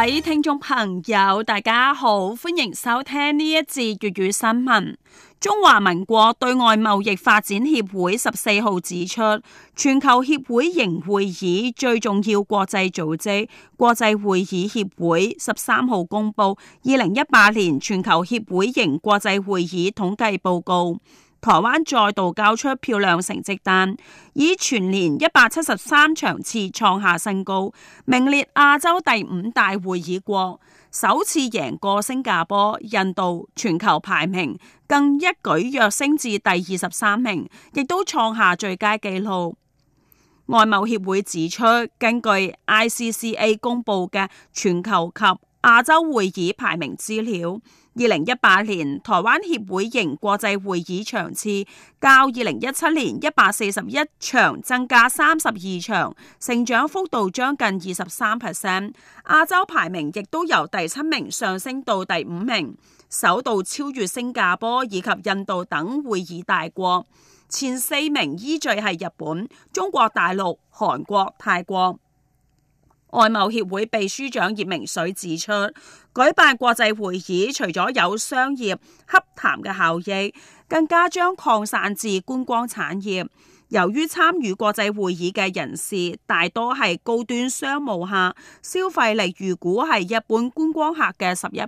各位聽眾朋友，大家好，歡迎收聽呢一節粵語新聞。中華民國對外貿易發展協會十四號指出，全球協會型會議最重要國際組織，國際會議協會十三號公布二零一八年全球協會型國際會議統計報告。台灣再度交出漂亮成績單，以全年一百七十三場次創下新高，名列亞洲第五大會議國，首次贏過新加坡、印度，全球排名更一舉躍升至第二十三名，亦都創下最佳紀錄。外貿協會指出，根據 ICCA 公布嘅全球及亞洲會議排名資料：二零一八年台灣協會型國際會議場次較二零一七年一百四十一場增加三十二場，成長幅度將近二十三 percent。亞洲排名亦都由第七名上升到第五名，首度超越新加坡以及印度等會議大國。前四名依序係日本、中國大陸、韓國、泰國。外貿協會秘書長葉明水指出，舉辦國際會議除咗有商業洽談嘅效益，更加將擴散至觀光產業。由於參與國際會議嘅人士大多係高端商務客，消費力預估係日本觀光客嘅十一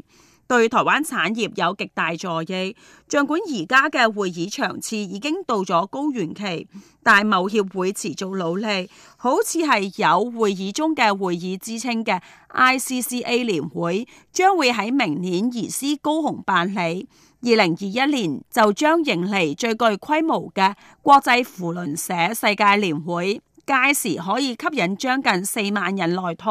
倍。對台灣產業有極大助益，儘管而家嘅會議場次已經到咗高原期，但貿協會持續努力，好似係有會議中嘅會議之稱嘅 ICCA 年會，將會喺明年移師高雄辦理。二零二一年就將迎嚟最具規模嘅國際扶輪社世界年會，屆時可以吸引將近，近四萬人來台。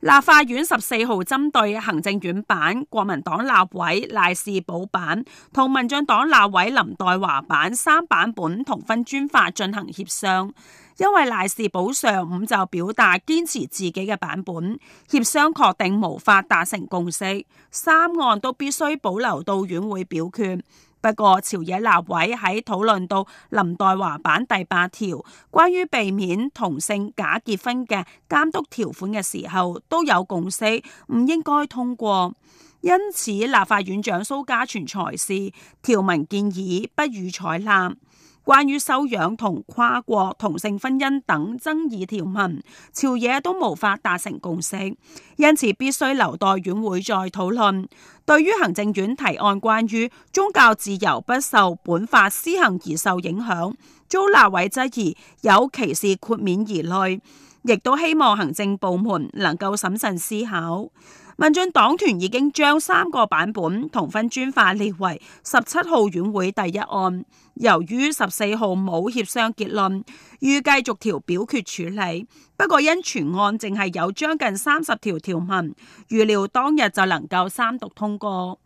立法院十四號針對行政院版、國民黨立委賴士葆版同民進黨立委林黛華版三版本同婚專法進行協商，因為賴士葆上午就表達堅持自己嘅版本，協商確定無法達成共識，三案都必須保留到院會表決。不過朝野立委喺討論到林黛華版第八條關於避免同性假結婚嘅監督條款嘅時候，都有共識唔應該通過，因此立法院長蘇嘉全才是條文建議不予採納。關於收養同跨國同性婚姻等爭議條文，朝野都無法達成共識，因此必須留待院會再討論。對於行政院提案關於宗教自由不受本法施行而受影響，遭立委質疑有歧視豁免疑慮，亦都希望行政部門能夠審慎思考。民進黨團已經將三個版本同婚專法列為十七號院會第一案，由於十四號冇協商結論，預計逐條表決處理。不過因全案淨係有將近三十條條文，預料當日就能夠三讀通過。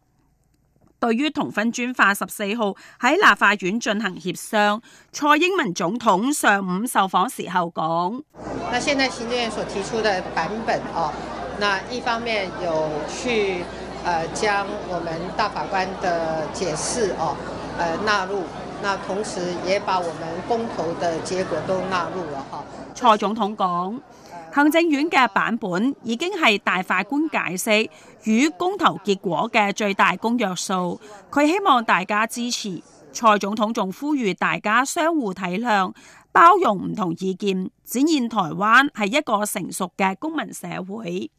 對於同婚專法十四號喺立法院進行協商，蔡英文總統上午受訪時候講，那現在行政院所提出的版本啊。那一方面有去，呃，將我們大法官的解釋哦，呃，納入。那同時也把我們公投的結果都納入了。蔡總統講，行政院嘅版本已經係大法官解釋與公投結果嘅最大公約數。佢希望大家支持。蔡總統仲呼籲大家相互體諒，包容唔同意見，展現台灣係一個成熟嘅公民社會。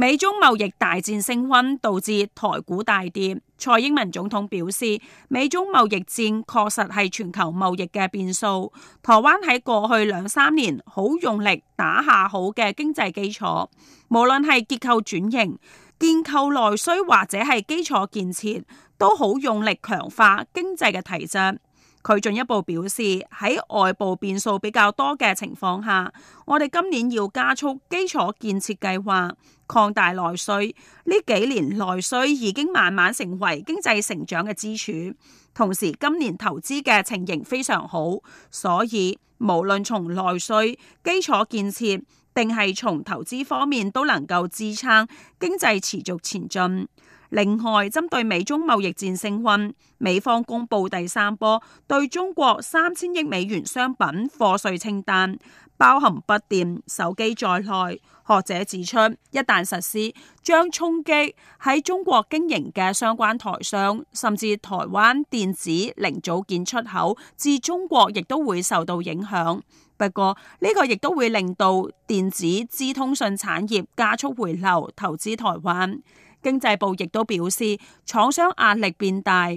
美中貿易大戰升溫，導致台股大跌。蔡英文總統表示，美中貿易戰確實係全球貿易嘅變數。台灣喺過去兩三年好用力打下好嘅經濟基礎，無論係結構轉型、建構內需或者係基礎建設，都好用力強化經濟嘅體質。佢進一步表示，喺外部變數比較多嘅情況下，我哋今年要加速基礎建設計劃，擴大內需。呢幾年內需已經慢慢成為經濟成長嘅支柱，同時今年投資嘅情形非常好，所以無論從內需、基礎建設，定係從投資方面，都能夠支撐經濟持續前進。另外，針對美中貿易戰升温，美方公布第三波對中國三千億美元商品課稅清單，包含筆電、手機在內。學者指出，一旦實施，將衝擊喺中國經營嘅相關台商，甚至台灣電子零組件出口至中國亦都會受到影響。不過，呢、這個亦都會令到電子、資通訊產業加速回流投資台灣。經濟部亦都表示，廠商壓力變大，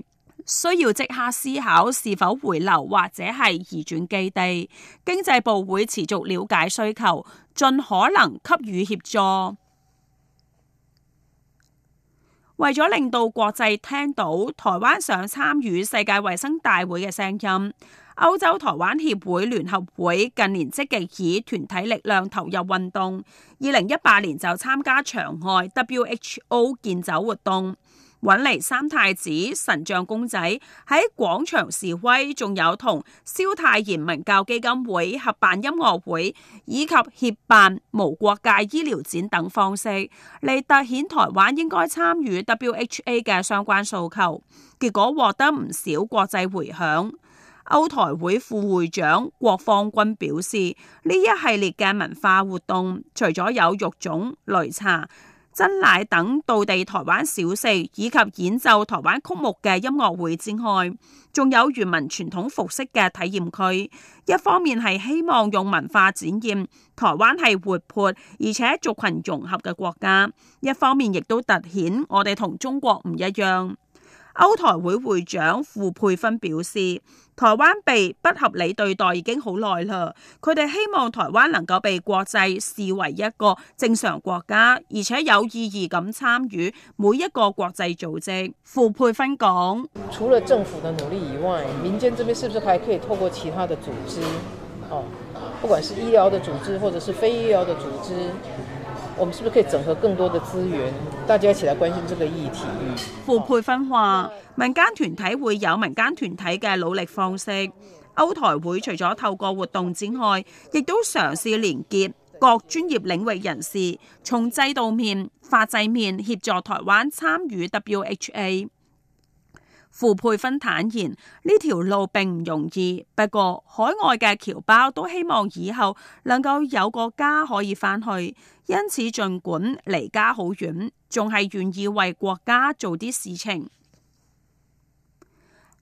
需要即刻思考是否回流或者係移轉基地。經濟部會持續了解需求，盡可能給予協助。為咗令到國際聽到台灣想參與世界衛生大會嘅聲音，歐洲台灣協會聯合會近年積極以團體力量投入運動，二零一八年就參加場外 WHO 健走活動，搵嚟三太子神像公仔喺廣場示威，仲有同蕭太賢文教基金會合辦音樂會，以及協辦無國界醫療展等方式嚟凸顯台灣應該參與 WHA 嘅相關訴求，結果獲得唔少國際迴響。歐台會副會長郭方君表示，呢一系列嘅文化活動，除咗有肉粽、擂茶、珍奶等道地台灣小食，以及演奏台灣曲目嘅音樂會之外，仲有原民傳統服飾嘅體驗區。一方面係希望用文化展現台灣係活潑而且族群融合嘅國家，一方面亦都凸顯我哋同中國唔一樣。歐台會會長傅佩芬表示，台灣被不合理對待已經好耐啦，佢哋希望台灣能夠被國際視為一個正常國家，而且有意義咁參與每一個國際組織。傅佩芬講，除了政府的努力以外，民間這邊是不是還可以透過其他的組織，哦，不管是醫療的組織，或者是非醫療的組織？我們是不是可以整合更多的資源，大家一起來關心這個議題？付佩芬話：民間團體會有民間團體嘅努力方式。歐台會除咗透過活動之外，亦都嘗試連結各專業領域人士，從制度面、法制面協助台灣參與 WHA。傅佩芬坦言，呢條路並唔容易，不過海外嘅僑胞都希望以後能夠有個家可以翻去，因此儘管離家好遠，仲係願意為國家做啲事情。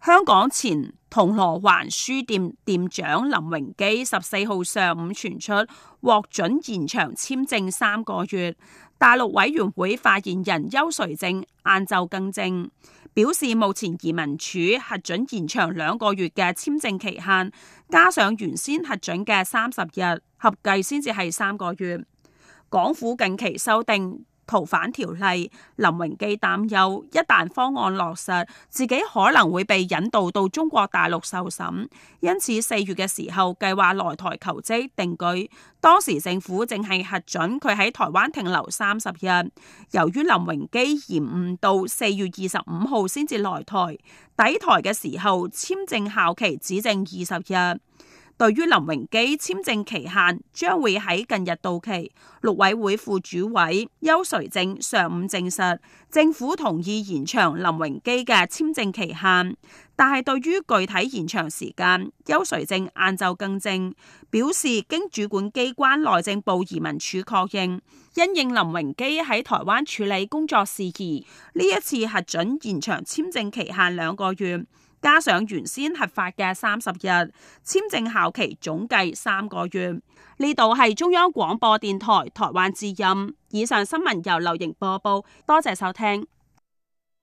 香港前銅鑼灣書店店長林榮基十四號上午傳出，獲准延長簽證三個月。大陸委員會發言人邱垂正晏晝更正表示，目前移民署核准延長兩個月嘅簽證期限，加上原先核准嘅三十日，合計先至係三個月。港府近期修訂。逃犯條例，林榮基擔憂，一旦方案落實，自己可能會被引渡到中國大陸受審，因此四月嘅時候計劃來台求職定居。當時政府淨係核准佢喺台灣停留三十日，由於林榮基延誤到四月二十五號先至來台，抵台嘅時候，簽證效期只剩二十日。對於林榮基簽證期限將會喺近日到期，陸委會副主委邱垂正上午證實，政府同意延長林榮基嘅簽證期限，但係對於具體延長時間，邱垂正晏晝更正表示，經主管機關內政部移民署確認，因應林榮基喺台灣處理工作事宜，呢一次核准延長簽證期限兩個月。加上原先合法嘅三十日簽證效期，總計三個月。呢度係中央廣播電台台灣之音。以上新聞由劉瑩播報，多謝收聽。